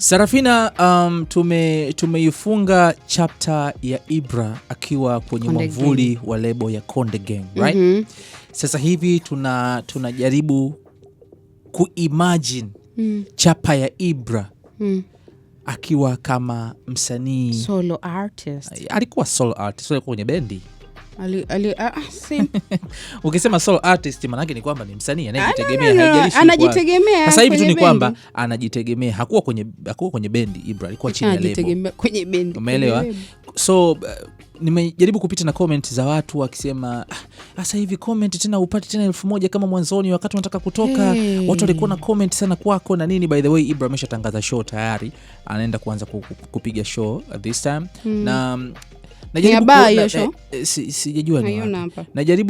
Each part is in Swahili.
Sarafina, um, tume tumeifunga chapta ya Ibra akiwa kwenye mwavuli wa lebo ya Konde Gang, right? mm -hmm. Sasa hivi tuna tunajaribu kuimagine mm. chapa ya Ibra mm. akiwa kama msanii solo artist. Alikuwa solo artist, alikuwa kwenye bendi Ah, ah, ukisema soul artist manake ni kwamba ni msanii anayejitegemea, anajitegemea. Sasa hivi tu ni kwamba anajitegemea, hakuwa kwenye, hakuwa kwenye bendi Ibra, alikuwa chini ya lebo kwenye bendi, umeelewa? So uh, nimejaribu kupita na comment za watu wakisema ah, sasa hivi comment tena upate tena elfu moja kama mwanzoni wakati unataka kutoka. Hey, watu walikuwa na comment sana kwako na nini. By the way, Ibra ameshatangaza show tayari, anaenda kuanza kupiga show this time hmm. na um, Eh, eh,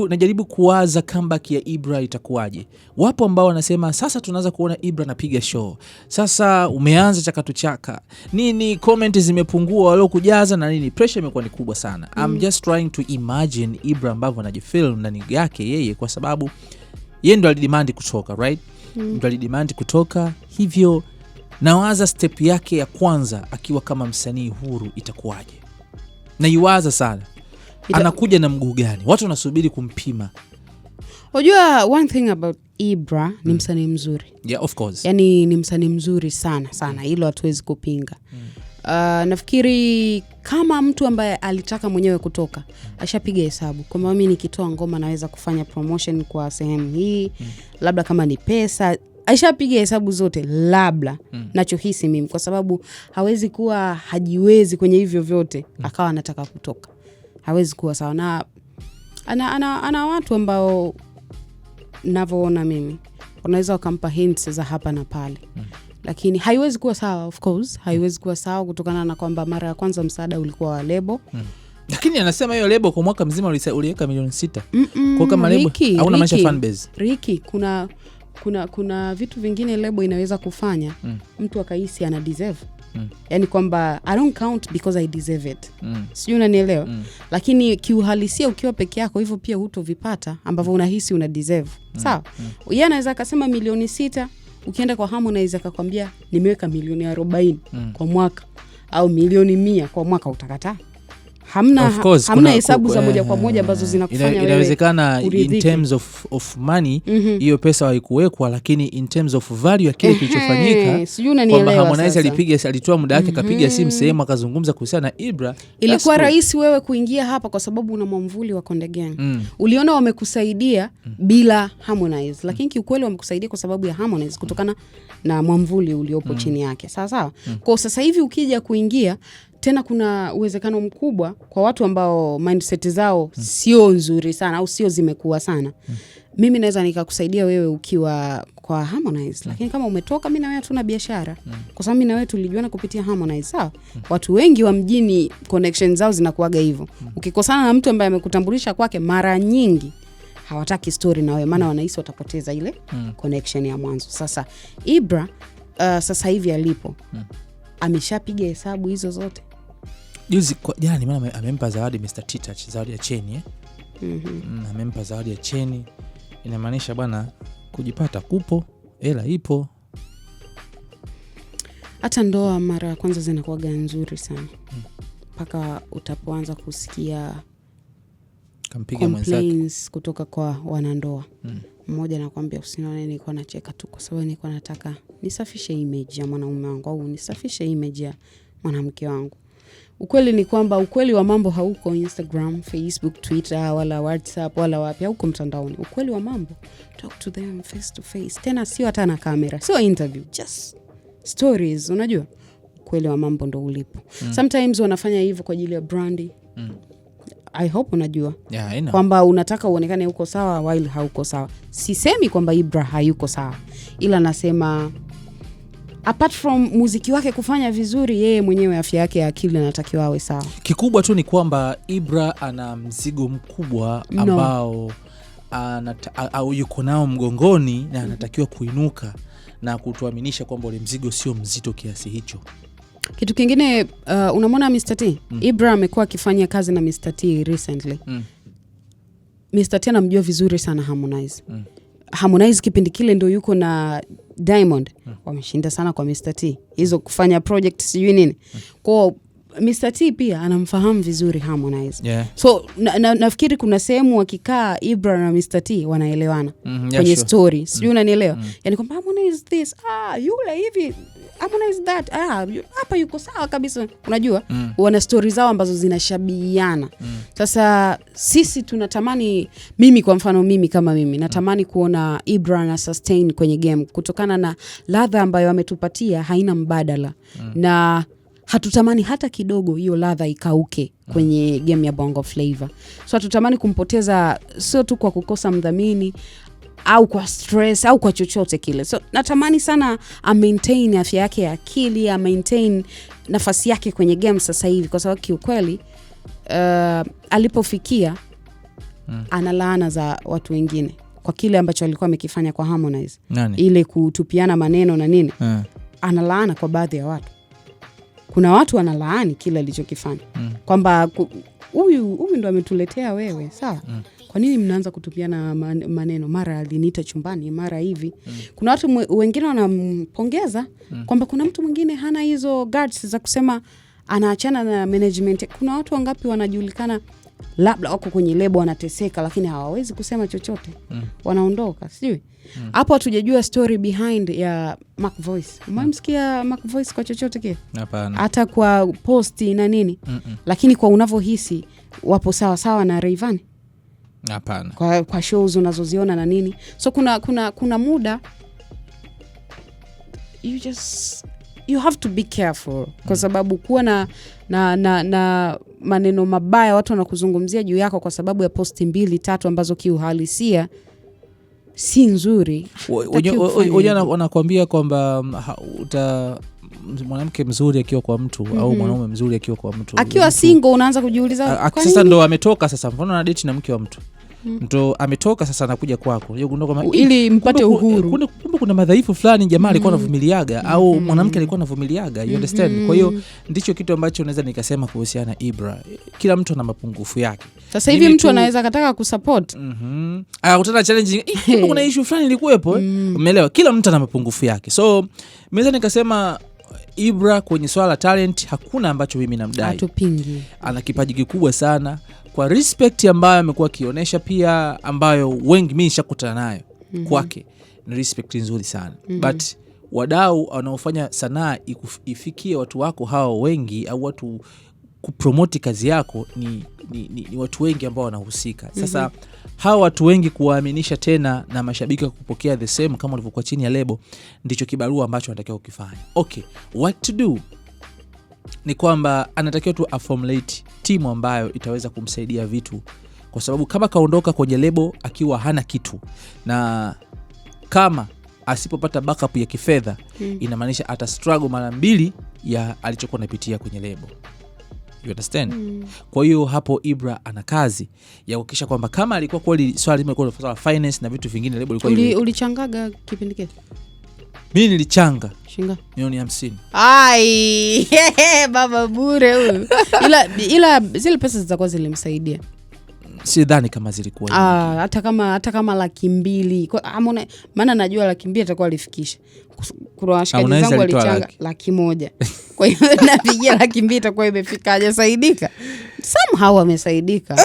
najaribu, kuwaza comeback ya Ibra itakuwaje. Wapo ambao wanasema sasa tunaanza kuona Ibra napiga show sasa, umeanza chakatu chaka nini, comment zimepungua, waliokujaza na nini, pressure imekuwa ni kubwa sana mm. I'm just trying to imagine Ibra ambavyo anajifilm ndani yake yeye, kwa sababu yeye ndo alidimandi kutoka right? mm. ndo alidimandi kutoka hivyo nawaza step yake ya kwanza akiwa kama msanii huru itakuwaje? naiwaza sana, anakuja na mguu gani? Watu wanasubiri kumpima. Unajua, one thing about Ibra ni mm. msanii mzuri. Yeah, of Yani ni msanii mzuri sana sana, hilo hatuwezi kupinga. Mm. Uh, nafikiri kama mtu ambaye alitaka mwenyewe kutoka ashapiga hesabu kwamba mimi nikitoa ngoma naweza kufanya promotion kwa sehemu hii, mm. labda kama ni pesa aishapiga hesabu zote, labda mm. nachohisi mimi, kwa sababu hawezi kuwa hajiwezi kwenye hivyo vyote mm. akawa anataka kutoka, hawezi kuwa sawa na ana, ana, ana watu ambao navyoona mimi unaweza wakampa hints za hapa na pale mm. lakini haiwezi kuwa sawa, of course hmm. haiwezi kuwa sawa kutokana na kwamba mara ya kwanza msaada ulikuwa wa lebo mm lakini anasema hiyo lebo kwa mwaka mzima uliweka milioni sita. Mm -mm, kwa kama lebo hauna maisha fanbase base. Riki, kuna kuna kuna vitu vingine lebo inaweza kufanya mm. mtu akahisi ana deserve Mm. yani kwamba i don't count because i deserve it mm. sijui unanielewa mm. lakini kiuhalisia ukiwa peke yako hivyo pia hutovipata ambavyo unahisi una deserve mm. sawa mm. ye anaweza akasema milioni sita ukienda kwa harmonize akakwambia nimeweka milioni arobaini mm. kwa mwaka au milioni mia kwa mwaka utakataa hamna course, hamna hesabu za eh, moja kwa moja ambazo zinakufanya inawezekana in terms of, of money mhm. hiyo mm -hmm. pesa haikuwekwa, lakini in terms of value ya kile kilichofanyika, kwamba Harmonize alipiga alitoa muda wake akapiga mm -hmm. simu sehemu akazungumza kuhusiana na Ibra. Ilikuwa rahisi wewe kuingia hapa kwa sababu una mwamvuli wa Konde Gang mm. uliona wamekusaidia mm. bila Harmonize, mm. lakini kiukweli wamekusaidia kwa sababu ya Harmonize kutokana na mwamvuli uliopo mm. chini yake, sawa sawa mm. kwa sasa hivi ukija kuingia tena kuna uwezekano mkubwa kwa watu ambao mindset zao hmm. sio nzuri sana au sio zimekuwa sana hmm. mimi naweza nikakusaidia wewe ukiwa kwa Harmonize, hmm. lakini kama umetoka, mi na wewe hatuna biashara hmm. kwa sababu mi na wewe tulijuana kupitia Harmonize, sawa hmm. watu wengi wa mjini connection zao zinakuaga hivyo hmm. ukikosana na mtu ambaye amekutambulisha kwake, mara nyingi hawataki stori na wewe, maana hmm. wanahisi watapoteza ile mm. connection ya mwanzo. Sasa Ibra uh, sasa hivi alipo mm. ameshapiga hesabu hizo zote Juzi kwa maana amempa zawadi Mr. Titach, zawadi ya cheni eh? Mhm. mm -hmm. amempa zawadi ya cheni, inamaanisha bwana kujipata kupo, hela ipo. Hata ndoa mara ya kwanza zinakuaga nzuri sana mm. mpaka mm. utapoanza kusikia kutoka kwa wanandoa mm. Mmoja nakwambia usinaone, nilikuwa nacheka tu kwa sababu nilikuwa nataka nisafishe image ya mwanaume wangu au nisafishe image ya mwanamke wangu Ukweli ni kwamba ukweli wa mambo hauko Instagram, Facebook, Twitter wala WhatsApp wala wapi, hauko mtandaoni. Ukweli wa mambo, talk to them face to face, tena sio hata na kamera, sio interview, just stories. Unajua ukweli wa mambo ndo ulipo. Mm. Sometimes wanafanya hivyo kwa ajili ya brandi. Mm. I hope unajua yeah, kwamba unataka uonekane uko sawa while hauko sawa. Sisemi kwamba Ibra hayuko sawa, ila nasema apart from muziki wake kufanya vizuri, yeye mwenyewe afya yake ya akili anatakiwa awe sawa. Kikubwa tu ni kwamba Ibra ana mzigo mkubwa ambao no. yuko nao mgongoni na anatakiwa kuinuka na kutuaminisha kwamba ule mzigo sio mzito kiasi hicho. Kitu kingine uh, unamwona mm. Ibra amekuwa akifanya kazi na Mr. T recently mm. Mr. T anamjua vizuri sana Harmonize mm. Harmonize kipindi kile ndo yuko na Diamond hmm. wameshinda sana kwa Mr. T hizo kufanya project sijui nini hmm. kwao Mr. T pia anamfahamu vizuri Harmonize. Yeah. So na, na, nafikiri kuna sehemu wakikaa Ibra na Mr. T wanaelewana mm, yeah, kwenye sure. story. Sijui mm. unanielewa? Mm. yani kwamba Harmonize this, ah yule hivi Harmonize that ah, hapa yuko sawa kabisa. Unajua mm. wana stori zao ambazo zinashabihiana mm. Sasa sisi tunatamani, mimi kwa mfano, mimi kama mimi mm. natamani kuona Ibra na sustain kwenye game kutokana na ladha ambayo ametupatia, haina mbadala mm. na hatutamani hata kidogo hiyo ladha ikauke mm. kwenye game ya Bongo flavo So hatutamani kumpoteza, sio tu kwa kukosa mdhamini au kwa stress au kwa chochote kile. So natamani sana a maintain afya yake ya akili, a maintain nafasi yake kwenye game sasa hivi, kwa sababu kiukweli uh, alipofikia hmm, ana laana za watu wengine kwa kile ambacho alikuwa amekifanya kwa Harmonize, ile kutupiana maneno na nini hmm, ana laana kwa baadhi ya watu. Kuna watu wanalaani kile alichokifanya hmm, kwamba huyu huyu ndo ametuletea wewe, sawa hmm kwa nini mnaanza kutupiana maneno, mara aliniita chumbani, mara hivi mm. Kuna watu wengine wanampongeza mm. kwamba kuna mtu mwingine hana hizo guts za kusema anaachana na management. Kuna watu wangapi wanajulikana labda wako kwenye lebo wanateseka, lakini hawawezi kusema chochote mm. wanaondoka, sijui mm. hapo mm. hatujajua story behind ya Mac Umemsikia mm. Mac Voice kwa chochote kile, hata kwa posti na nini mm -mm. lakini kwa unavyohisi wapo sawasawa na reivani Hapana. Kwa, kwa shows unazoziona na nini, so kuna, kuna, kuna muda you just you have to be careful kwa mm. sababu kuwa na, na, na, na maneno mabaya watu wanakuzungumzia juu yako kwa sababu ya posti mbili tatu ambazo kiuhalisia si nzuri. Wajua wanakuambia kwamba um, uta mwanamke mzuri akiwa kwa mtu mm -hmm. au mhm. mwanaume mzuri akiwa kwa mtu akiwa single unaanza kujiuliza sasa, ndo ametoka sasa, mfano na date na mke wa mtu mm. ndo ametoka sasa, anakuja kwako ili mpate uhuru. Kumbe kuna kuna madhaifu fulani jamaa alikuwa mm. anavumiliaga au mm-hmm. mwanamke alikuwa anavumiliaga, you understand. Mm-hmm. Kwa hiyo ndicho kitu ambacho naweza nikasema kuhusiana Ibra, kila mtu ana mapungufu yake. Sasa hivi mtu anaweza kataka kusupport, mm-hmm. akutana challenge, kuna issue fulani ilikuwepo, eh? mm. umeelewa. mm-hmm. Kila mtu ana mapungufu yake, so naweza nikasema Ibra kwenye swala la talent hakuna ambacho mimi namdai, Ana kipaji kikubwa sana kwa respect ambayo amekuwa akionyesha, pia ambayo wengi mimi nishakutana nayo mm -hmm. kwake ni respect nzuri sana mm -hmm. but wadau wanaofanya sanaa ifikie watu wako hao wengi au watu kupromoti kazi yako ni, ni, ni, ni watu wengi ambao wanahusika mhm. sasa mm -hmm. hawa watu wengi kuwaaminisha tena na mashabiki wa kupokea the same kama ulivyokuwa chini ya lebo ndicho kibarua ambacho anatakiwa kukifanya okay what to do ni kwamba anatakiwa tu aformulate timu ambayo itaweza kumsaidia vitu kwa sababu kama kaondoka kwenye lebo akiwa hana kitu na kama asipopata backup ya kifedha hmm. inamaanisha ata mara mbili ya alichokuwa anapitia kwenye lebo You understand? Mm. Kwa hiyo hapo Ibra ana kazi ya kuhakikisha kwamba kama alikuwa kweli swali zima lilikuwa la finance na vitu vingine lebo ilikuwa ulichangaga uli kipindi kile. mi nilichanga milioni hamsini. baba bure huyu. Ila ila zile pesa zitakuwa zilimsaidia sidhani kama zilikuwa ah, hata kama hata kama laki mbili maana najua laki mbili atakuwa alifikisha. Kuna ah, washikaji zangu walichanga laki moja kwa hiyo napigia laki mbili itakuwa imefika, ajasaidika somehow, amesaidika eh.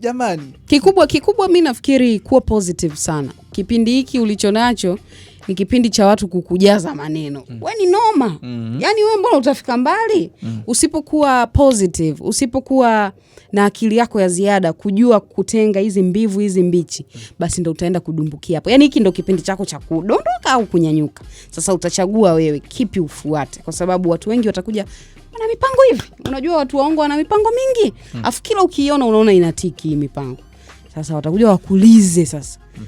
Jamani, kikubwa kikubwa, mi nafikiri kuwa positive sana kipindi hiki ulicho nacho ni kipindi cha watu kukujaza maneno mm. We ni noma mm -hmm. Yani we mbona utafika mbali mm. Usipokuwa positive, usipokuwa na akili yako ya ziada kujua kutenga hizi mbivu hizi mbichi, mm. basi ndo utaenda kudumbukia hapo. Yani hiki ndo kipindi chako cha kudondoka au kunyanyuka. Sasa utachagua wewe kipi ufuate, kwa sababu watu wengi watakuja wana mipango hivi. Unajua watu waongo wana mipango mingi mm. Afu kila ukiiona unaona inatiki hii mipango sasa watakuja wakulize sasa,